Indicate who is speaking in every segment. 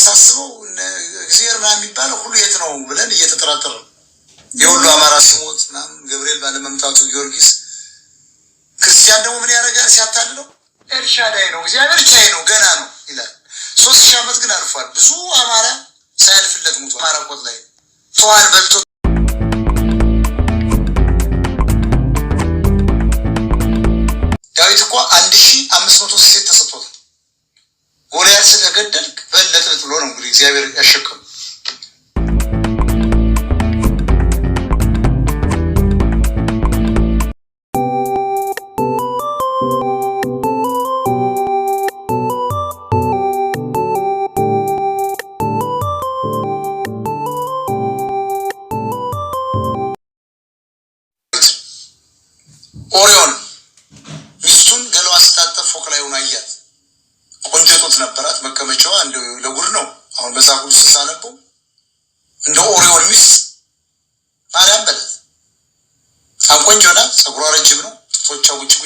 Speaker 1: ስናሳስበው እግዚአብሔር የሚባለው ሁሉ የት ነው ብለን እየተጠራጠር ነው። የሁሉ አማራ ሲሞት ምናምን ገብርኤል ባለመምጣቱ ጊዮርጊስ ክርስቲያን ደግሞ ምን ያደርጋል? ሲያታልለው ላይ ነው እግዚአብሔር ቻይ ነው ገና ነው ይላል። ሶስት ሺህ ዓመት ግን አልፏል። ብዙ አማራ ሳያልፍለት ሙቶ አማራ ቆት ላይ ተዋን በልቶ ዳዊት እኮ አንድ ሺህ አምስት መቶ ሴት ተሰ እግዚአብሔር ያሸክሙ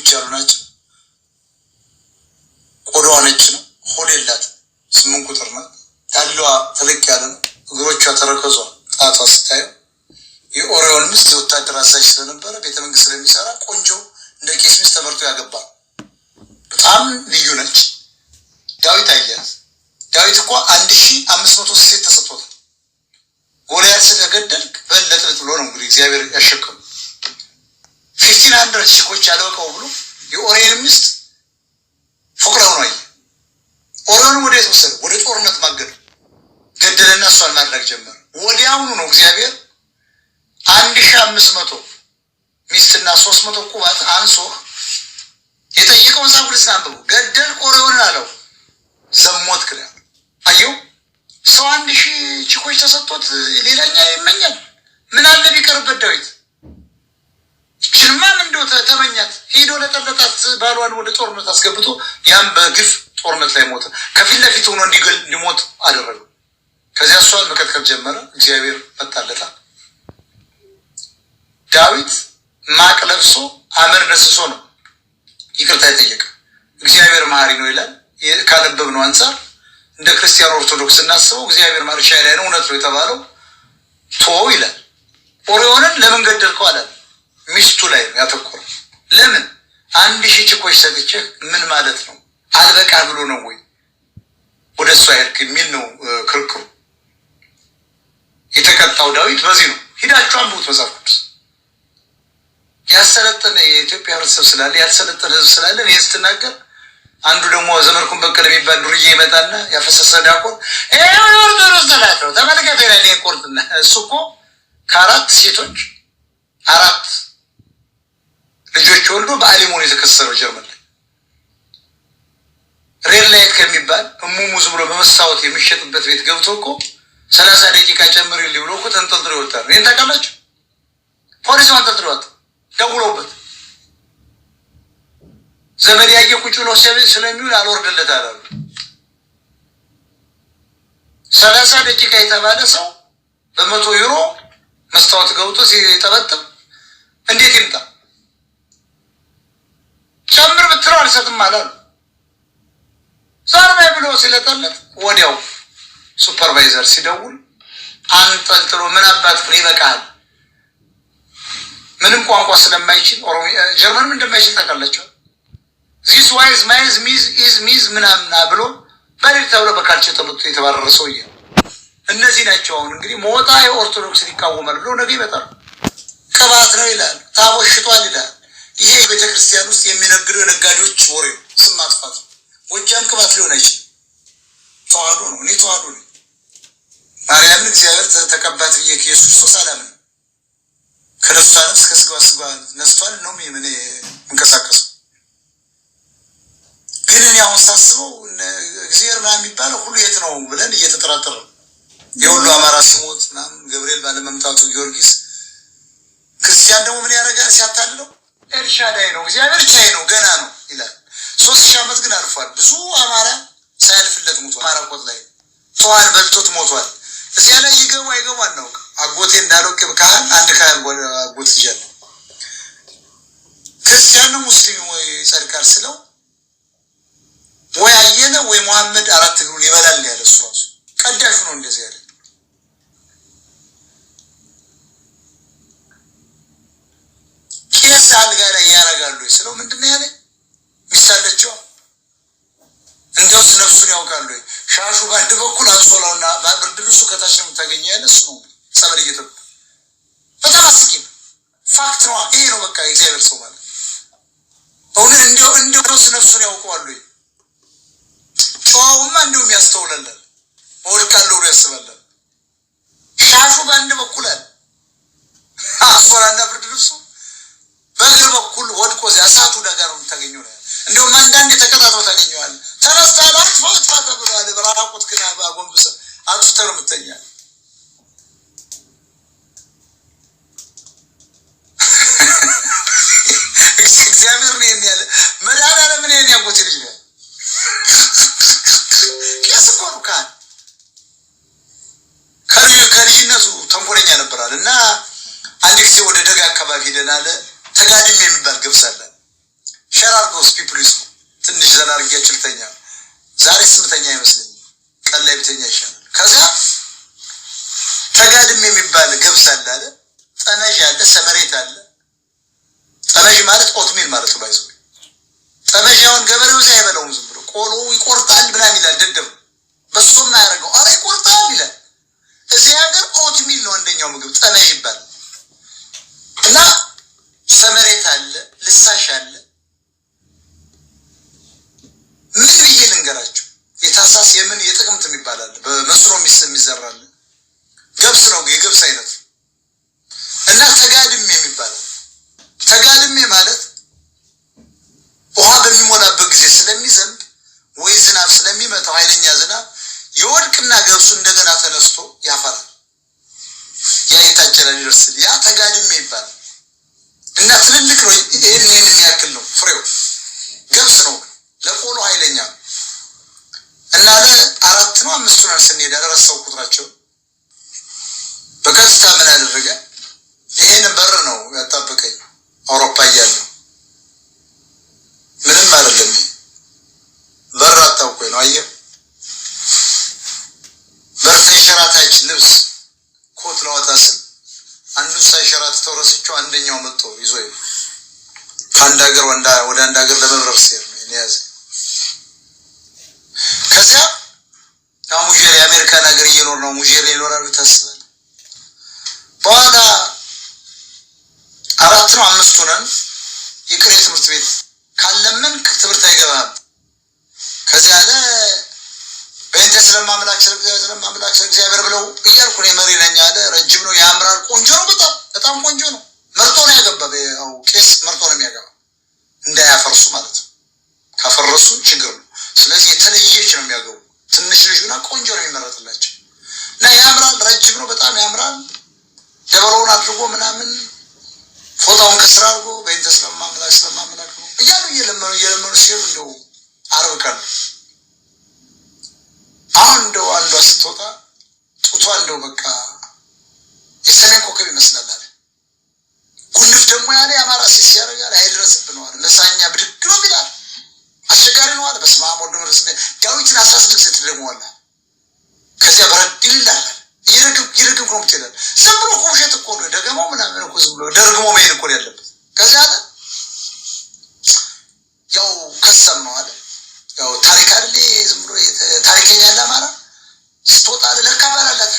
Speaker 1: እጆች ያሉ ናቸው። ቆዳዋ ነጭ ነው። ሆድ የላትም። ስምንት ቁጥር ናት። ያለዋ ተለቅ ያለ ነው። እግሮቿ ተረከዟ ጣቷ ስታየው የኦሪዮን ሚስት የወታደር አዛዥ ስለነበረ ቤተ መንግስት ስለሚሰራ ቆንጆ እንደ ቄስ ሚስት ተመርጦ ያገባ በጣም ልዩ ነች። ዳዊት አያት። ዳዊት እኮ አንድ ሺ አምስት መቶ ሴት ተሰጥቶታል። ጎልያድ ስለገደልክ በለጥልጥ ብሎ ነው እንግዲህ እግዚአብሔር ያሸከሙ እስካሁን ድረስ ሲቆጭ አለበቃው ብሎ የኦሬንም ሚስት ሆኖ አየ። ኦሬን ወደ የት ወሰደ? ወደ ጦርነት ማገዱ ገደለና እሷን ማድረግ ጀመረ። ወዲያውኑ ነው እግዚአብሔር አንድ ሺ አምስት መቶ ሚስትና ሶስት መቶ ቁባት አንሶ የጠየቀው መጽሐፍ ቅዱስ አንብቡ። ገደል ኦሬውን አለው ዘሞት ክዳ አየው ሰው አንድ ሺህ ችኮች ተሰጥቶት ሄዶ ለጠለጣት ባሏን ወደ ጦርነት አስገብቶ ያም በግፍ ጦርነት ላይ ሞተ። ከፊት ለፊት ሆኖ እንዲገል ሊሞት አደረገ። ከዚያ እሷን መቀጥቀጥ ጀመረ። እግዚአብሔር መጣለታ ዳዊት ማቅ ለብሶ አመር ነስሶ ነው ይቅርታ የጠየቀ። እግዚአብሔር መሐሪ ነው ይላል ካነበብነው አንጻር እንደ ክርስቲያን ኦርቶዶክስ እናስበው እግዚአብሔር ማርሻ ሻይ ላይ ነው እውነት ነው የተባለው ቶ ይላል። ኦሪዮንን ለምን ገደልከው ሚስቱ ላይ ያተኮረ ለምን አንድ ሺህ ችኮች ሰግቼህ ምን ማለት ነው? አልበቃ ብሎ ነው ወይ ወደ እሱ አይልክ የሚል ነው ክርክሩ። የተቀጣው ዳዊት በዚህ ነው። ሂዳችሁ አንብቡት መጽሐፍ ቅዱስ። ያሰለጠነ የኢትዮጵያ ህብረተሰብ ስላለ ያልሰለጠነ ህዝብ ስላለ ይህን ስትናገር አንዱ ደግሞ ዘመድኩን በቀለ የሚባል ዱርዬ ይመጣና ያፈሰሰ ዳቆን ኦርቶዶክስ ተላቸው ተመልከቱ ላይ እሱ እኮ ከአራት ሴቶች አራት ልጆች ወልዶ በአሊሞ ነው የተከሰረው ጀርመን ላይ ሬድ ላይት ከሚባል እሙሙ ዝም ብሎ በመስታወት የሚሸጥበት ቤት ገብቶ እኮ ሰላሳ ደቂቃ ጨምር ብሎ እኮ ተንጠልጥሎ ይወጣል። ይህን ታውቃላችሁ? ፖሊስ አንጠልጥሎ ይወጣ ዘመድ ያየ ቁጭ ብሎ ስለሚውል አልወርድለት አላሉ። ሰላሳ ደቂቃ የተባለ ሰው በመቶ ዩሮ መስታወት ገብቶ ሲጠበጥም እንዴት ይምጣ? ጨምር ብትለው አልሰጥም አላሉ። ሰርቬ ብሎ ሲለጠለት ወዲያው ሱፐርቫይዘር ሲደውል አንጠልጥሎ ምን አባት ፍሬ ይበቃል። ምንም ቋንቋ ስለማይችል ጀርመንም እንደማይችል ታውቃላቸው። ዚስ ዋይዝ ማይዝ ሚዝ ኢዝ ሚዝ ምናምና ብሎ በሌል ተብሎ በካልቸው ተመቶ የተባረረ ሰውዬ እነዚህ ናቸው። አሁን እንግዲህ ሞጣ የኦርቶዶክስ ሊቃወመል ብሎ ነገ ይመጣል ቅባት ነው ይላል፣ ታቦሽቷል ሽጧል ይላል። ይሄ የቤተ ክርስቲያን ውስጥ የሚነግዱ የነጋዴዎች ወሬ ስም ማጥፋት ጎጃም ቅባት ሊሆን አይችልም። ተዋህዶ ነው። እኔ ተዋህዶ ነኝ። ማርያምን እግዚአብሔር ተቀባት ብዬ ከኢየሱስ ክርስቶስ አላምንም። ከነፍሷ ነፍስ ስጋ ነስቷል ነው ምን እንቀሳቀሱ ግን እኔ አሁን ሳስበው እግዚአብሔር ና የሚባለው ሁሉ የት ነው ብለን እየተጠራጠረ የሁሉ አማራ ስሞት ምናምን ገብርኤል ባለመምጣቱ ጊዮርጊስ ክርስቲያን ደግሞ ምን ያደርጋል ሲያታልለው ኤልሻዳይ ነው፣ እግዚአብሔር ቻይ ነው፣ ገና ነው ይላል። ሶስት ሺህ ዓመት ግን አልፏል። ብዙ አማራ ሳያልፍለት ሞቷል። አማራ ቆት ላይ ጠዋን በልቶት ሞቷል። እዚያ ላይ ይገቡ አይገቡ አናውቅ። አጎቴ እንዳለው ካህን አንድ ካህን አጎት ልጅ ነው ክርስቲያኑ ሙስሊም ወይ ይጸድቃል ስለው ወይ አየለ ወይ መሐመድ አራት እግሩን ይበላል ያለ እሱ ራሱ ቀዳሹ ነው እንደዚህ ያለ ስለው ምንድን ያለ ሚስታለችው እንደውስ ነፍሱን ያውቃሉ። ሻሹ በአንድ በኩል አንሶላውና ብርድ ልብሱ ከታች ነው የምታገኘ ያለ እሱ ነው ጸበል እየጠጡ በጣም አስቂ ፋክት ነው። ይሄ ነው በቃ እግዚአብሔር ሰው ማለት በእውነት እንደው እንዲያውስ ነፍሱን ያውቀዋሉ። ጨዋውማ እንደውም ያስተውላል። መውደቅ አለው ብሎ ያስባል። ተከታትሎ ታገኘዋለህ። ተነስታ ላጥፋ ጥፋ ተብሏል። በራቁት ግን አጎንብሰህ አንቱ ተርምተኛል አለ፣ ገብስ አለ አለ፣ ጠመዥ አለ፣ ሰመሬት አለ። ጠመዥ ማለት ኦትሚል ማለት ነው። ባይዞ ጠመዥ አሁን ገበሬው እዚያ አይበላውም። ዝም ብሎ ቆሎ ይቆርጣል ምናምን ይላል። ደደብ በሱም አያደርገው። አረ ይቆርጣል ይላል። እዚህ ሀገር ኦትሚል ነው አንደኛው ምግብ ጠመዥ ይባላል። እና ሰመሬት አለ፣ ልሳሽ አለ። ምን ብዬ ልንገራቸው? የታሳስ የምን የጥቅምት የሚባላል በመስኖ የሚዘራል ገብስ ነው የገብስ አይነት እና ተጋድሜ የሚባለው ተጋድሜ ማለት ውሃ በሚሞላበት ጊዜ ስለሚዘንብ ወይ ዝናብ ስለሚመጣው ኃይለኛ ዝናብ የወድቅና ገብሱ እንደገና ተነስቶ ያፈራል። ያ የታጨለ ሊደርስል ያ ተጋድሜ ይባላል እና ትልልቅ ነው። ይህን ይህን የሚያክል ነው ፍሬው ገብስ ነው። ለቆሎ ኃይለኛ ነው እና አለ አራት ነው አምስቱ ነን ስንሄድ ያደረሰው ቁጥራቸው በቀጥታ ምን አደረገ? ይሄን በር ነው ያጣበቀኝ። አውሮፓ እያለሁ ምንም አይደለም። በር አጣብቆኝ ነው። አየህ፣ በር ተንሸራታች ልብስ ኮት ለወጣ ስል አንዱ ሳይሸራት ተውረስቸው አንደኛው መጥቶ ይዞ ከአንድ ሀገር ወደ አንድ ሀገር ለመብረር ሲሄድ ነው የያዘ የመጀመሪያ ትምህርት ቤት ካለምን ትምህርት አይገባም። ከዚህ ያለ በእንተ ስለማምላክ ስለማምላክ እግዚአብሔር ብለው እያልኩ ነው መሪ ነኝ አለ። ረጅም ነው፣ ያምራል፣ ቆንጆ ነው፣ በጣም በጣም ቆንጆ ነው። መርጦ ነው ያገባ። ያው ቄስ መርጦ ነው የሚያገባ፣ እንዳያፈርሱ ማለት ነው። ካፈረሱ ችግር ነው። ስለዚህ የተለየች ነው የሚያገቡ። ትንሽ ልጅና ቆንጆ ነው የሚመረጥላቸው እና ያምራል፣ ረጅም ነው፣ በጣም ያምራል። ደበረውን አድርጎ ምናምን ፎጣውን ከስራ አድርጎ በይንተ ስለማመላክ ስለማምላክ ነው እያሉ እየለመኑ እየለመኑ ሲሄዱ እንደው አርብ ቀን አሁን እንደው አንዷ ስትወጣ ጡቷ እንደው በቃ የሰሜን ኮከብ ይመስላል አለ። ጉንፍ ደግሞ ያለ የአማራ ሴት ሲያደርጋል አይድረስብን ነው አለ። መሳኛ ብድግ ነው ሚላል አስቸጋሪ ነው አለ። በስመ አብ ወወልድ ወመንፈስ ቅዱስ ዳዊትን አስራ ስድስት የተደግመዋል። ከዚያ በረድል ይላል። እየረግም ነው ምትላል። ዝም ብሎ እኮ እኮ ነው። ደገማው ምናምን እኮ ዝም ብሎ እኮ ያለበት። ከዚያ አለ ያው ከሰማው አለ ያው ታሪክ አለ ዝም ብሎ ታሪከኛ ያለ አማራ ስትወጣ አለ ለካ ባላላት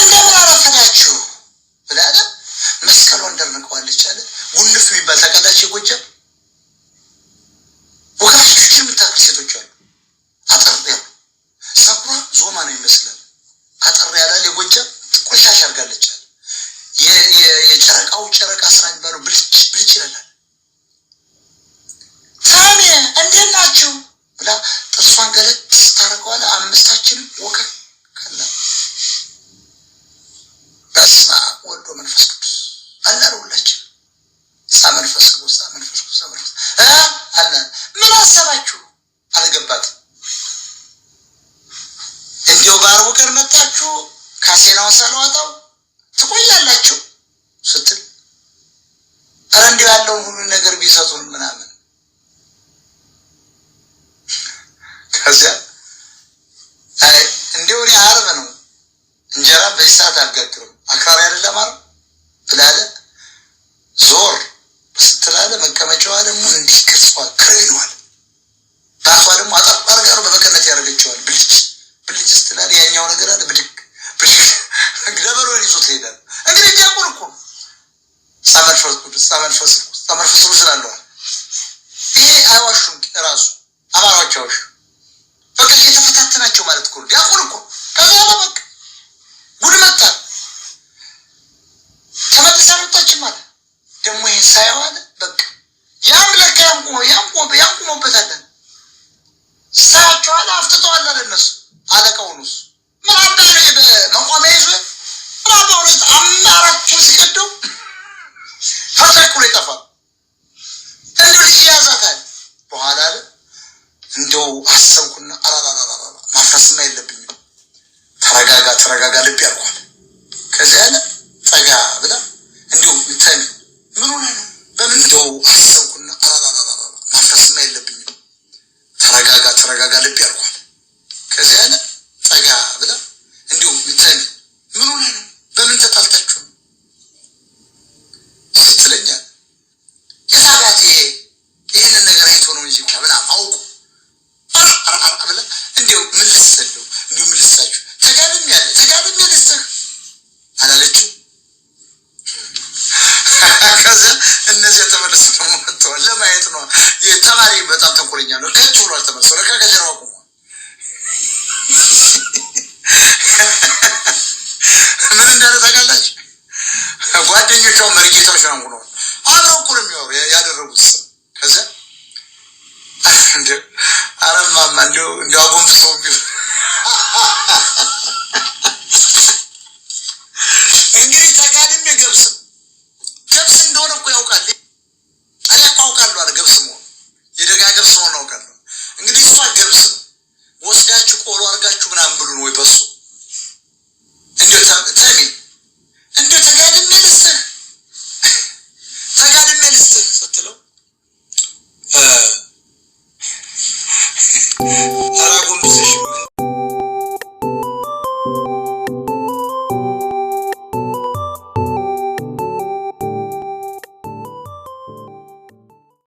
Speaker 1: እንደምን አረፈዳችሁ ብላ አለ መስቀል ወንደር ንቀዋለች አለ ጉልፍ የሚባል ታውቃላችሁ የጎጃም ያለውን ሁሉ ነገር ቢሰጡን ምናምን ከዚያ እንዲሁ እኔ አርብ ነው እንጀራ በዚህ ሰዓት አልጋግርም አክራሪ አይደለም አር ብላለ ዞር ስትላለ መቀመጫዋ ደግሞ እንዲህ ቅርጽዋ ክሬኗል ነዋል ደግሞ አጣጣር ጋር በመቀነት ያደረገችዋል ብልጭ ብልጭ ስትላለ ያኛው ነገር አለ ብድግ ብድግ ግደበሮን ይዞት ሄዳል መንፈስ ቅዱስ መንፈስ ቅዱስ ቅዱስ ስላለዋል። ይሄ አይዋሹም። ራሱ አማራዎች አይዋሹም። ነው። ከች ብሎ ተመልሶ ለካ ከጀርባ ቆሟል። ምን እንዳለ ታውቃላችሁ? ጓደኞቿ መርጌታዎች ናሙነዋል። አብረው እኮ ነው የሚያወሩ ያደረጉት ስም ከዚያ